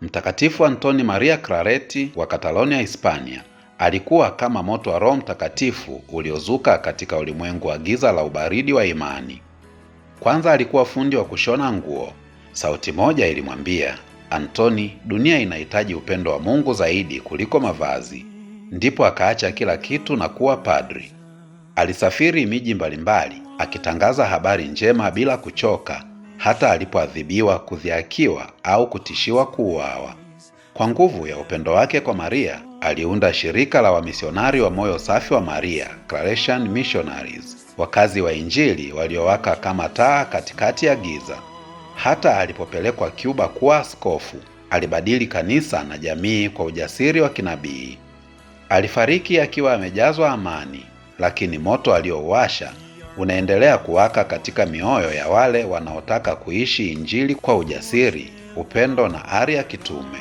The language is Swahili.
Mtakatifu Antoni Maria Clareti wa Katalonia, Hispania, alikuwa kama moto wa Roho Mtakatifu uliozuka katika ulimwengu wa giza la ubaridi wa imani. Kwanza alikuwa fundi wa kushona nguo. Sauti moja ilimwambia, Antoni, dunia inahitaji upendo wa Mungu zaidi kuliko mavazi. Ndipo akaacha kila kitu na kuwa padri. Alisafiri miji mbalimbali akitangaza habari njema bila kuchoka hata alipoadhibiwa, kudhiakiwa au kutishiwa kuuawa. Kwa nguvu ya upendo wake kwa Maria, aliunda shirika la wamisionari wa moyo safi wa Maria, Claretian Missionaries, wakazi wa Injili waliowaka kama taa katikati ya giza. Hata alipopelekwa Cuba kuwa askofu, alibadili kanisa na jamii kwa ujasiri wa kinabii. Alifariki akiwa amejazwa amani, lakini moto aliouasha unaendelea kuwaka katika mioyo ya wale wanaotaka kuishi Injili kwa ujasiri, upendo na ari ya kitume.